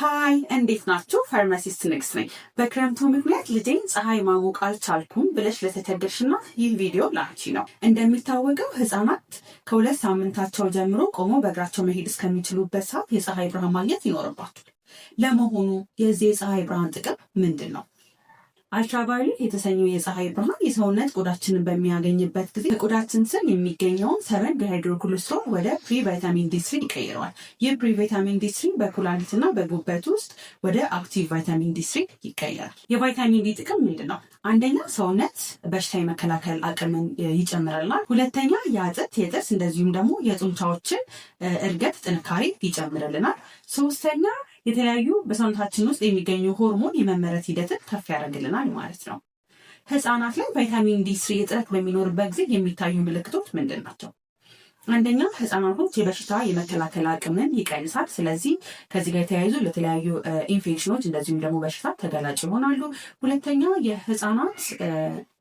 ሀይ እንዴት ናችሁ? ፋርማሲስት ንግስት ነኝ። በክረምቱ ምክንያት ልጄን ፀሐይ ማሞቅ አልቻልኩም ብለሽ ለተቸገርሽ እናት ይህ ቪዲዮ ላቺ ነው። እንደሚታወቀው ህጻናት ከሁለት ሳምንታቸው ጀምሮ ቆሞ በእግራቸው መሄድ እስከሚችሉበት ሰዓት የፀሐይ ብርሃን ማግኘት ይኖርባቸዋል። ለመሆኑ የዚህ የፀሐይ ብርሃን ጥቅም ምንድን ነው? አልትራቫዮሌት የተሰኘው የፀሐይ ብርሃን የሰውነት ቆዳችንን በሚያገኝበት ጊዜ ከቆዳችን ስር የሚገኘውን ሰቨን ሃይድሮኮሌስትሮል ወደ ፕሪ ቫይታሚን ዲስሪ ይቀይረዋል። ይህ ፕሪ ቫይታሚን ዲስሪ በኩላሊት እና በጉበት ውስጥ ወደ አክቲቭ ቫይታሚን ዲስሪ ይቀየራል። የቫይታሚን ዲ ጥቅም ምንድን ነው? አንደኛ ሰውነት በሽታ የመከላከል አቅምን ይጨምርልናል። ሁለተኛ የአጥንት የጥርስ እንደዚሁም ደግሞ የጡንቻዎችን እድገት ጥንካሬ ይጨምርልናል። ሶስተኛ የተለያዩ በሰውነታችን ውስጥ የሚገኙ ሆርሞን የመመረት ሂደትን ከፍ ያደርግልናል ማለት ነው። ህፃናት ላይ ቫይታሚን ዲ ስሪ እጥረት በሚኖርበት ጊዜ የሚታዩ ምልክቶች ምንድን ናቸው? አንደኛ ህፃናቶች የበሽታ የመከላከል አቅምን ይቀንሳል። ስለዚህ ከዚህ ጋር የተያይዙ ለተለያዩ ኢንፌክሽኖች እንደዚሁም ደግሞ በሽታ ተገላጭ ይሆናሉ። ሁለተኛ የህፃናት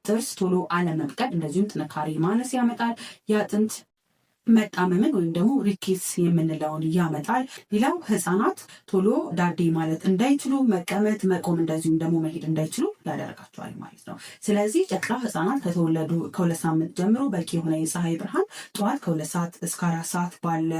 ጥርስ ቶሎ አለመብቀል እንደዚሁም ጥንካሬ ማነስ ያመጣል። የአጥንት መጣመምን ወይም ደግሞ ሪኬትስ የምንለውን ያመጣል። ሌላው ህፃናት ቶሎ ዳዴ ማለት እንዳይችሉ መቀመጥ፣ መቆም እንደዚሁም ደግሞ መሄድ እንዳይችሉ ያደርጋቸዋል ማለት ነው። ስለዚህ ጨቅላ ህፃናት ከተወለዱ ከሁለት ሳምንት ጀምሮ በቂ የሆነ የፀሐይ ብርሃን ጠዋት ከሁለት ሰዓት እስከ አራት ሰዓት ባለ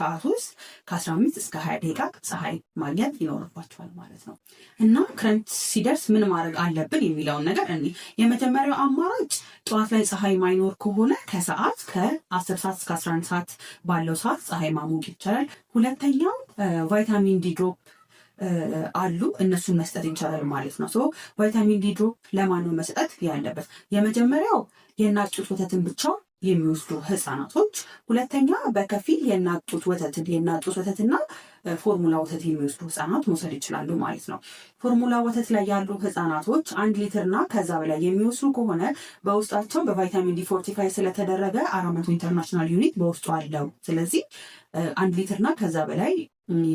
ሰዓት ውስጥ ከአስራ አምስት እስከ ሀያ ደቂቃ ፀሐይ ማግኘት ይኖርባቸዋል ማለት ነው እና ክረምት ሲደርስ ምን ማድረግ አለብን የሚለውን ነገር እኔ የመጀመሪያው አማራጭ ጠዋት ላይ ፀሐይ ማይኖር ከሆነ ከሰዓት ከአስር ሰዓት እስከ 11 ሰዓት ባለው ሰዓት ፀሐይ ማሞቅ ይቻላል። ሁለተኛው ቫይታሚን ዲ ድሮፕ አሉ እነሱን መስጠት ይቻላል ማለት ነው። ሶ ቫይታሚን ዲ ድሮፕ ለማነው መስጠት ያለበት? የመጀመሪያው የእናት ጡት ወተትን ብቻ የሚወስዱ ህፃናቶች፣ ሁለተኛ በከፊል የእናት ጡት ወተትን የእናት ጡት ወተትና ፎርሙላ ወተት የሚወስዱ ህጻናት መውሰድ ይችላሉ ማለት ነው። ፎርሙላ ወተት ላይ ያሉ ህጻናቶች አንድ ሊትርና ከዛ በላይ የሚወስዱ ከሆነ በውስጣቸው በቫይታሚን ዲ ፎርቲፋይ ስለተደረገ አራት መቶ ኢንተርናሽናል ዩኒት በውስጡ አለው። ስለዚህ አንድ ሊትርና ከዛ በላይ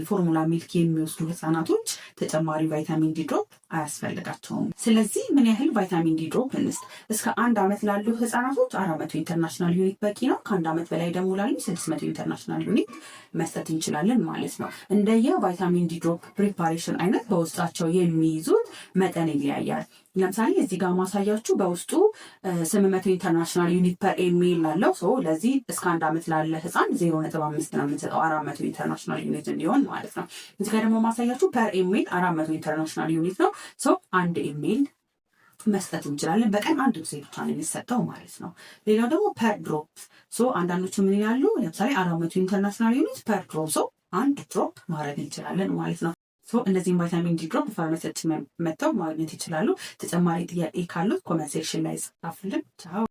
ፎርሙላ ሚልክ የሚወስዱ ህጻናቶች ተጨማሪ ቫይታሚን ዲድሮፕ አያስፈልጋቸውም። ስለዚህ ምን ያህል ቫይታሚን ዲድሮፕ እንስት? እስከ አንድ ዓመት ላሉ ህጻናቶች አራት መቶ ኢንተርናሽናል ዩኒት በቂ ነው። ከአንድ ዓመት በላይ ደግሞ ላሉ ስድስት መቶ ኢንተርናሽናል ዩኒት መስጠት እንችላለን ማለት ነው። እንደየ ቫይታሚን ዲ ድሮፕ ፕሪፓሬሽን አይነት በውስጣቸው የሚይዙት መጠን ይለያያል። ለምሳሌ እዚህ ጋር ማሳያችሁ በውስጡ ስምንት መቶ ኢንተርናሽናል ዩኒት ፐር ኤሚል ላለው ሰው ለዚህ እስከ አንድ ዓመት ላለ ህፃን ዜሮ ነጥብ አምስት ነው የምንሰጠው አራት መቶ ኢንተርናሽናል ዩኒት እንዲሆን ማለት ነው። እዚህ ጋር ደግሞ ማሳያችሁ ፐር ኤሚል አራት መቶ ኢንተርናሽናል ዩኒት ነው ሰው አንድ ኤሚል መስጠት እንችላለን። በቀን አንድ ጊዜ ብቻ ነው የሚሰጠው ማለት ነው። ሌላው ደግሞ ፐር ድሮፕ ሶ አንዳንዶቹ ምን ይላሉ? ለምሳሌ አራት መቶ ኢንተርናሽናል ዩኒት ፐር ድሮፕ ሰው አንድ ድሮፕ ማድረግ እንችላለን ማለት ነው። እነዚህም ቫይታሚን ዲ ድሮፕ ፋርማሲያችን መጥተው ማግኘት ይችላሉ። ተጨማሪ ጥያቄ ካሉት ኮመንት ሴክሽን ላይ ጻፉልን። ቻው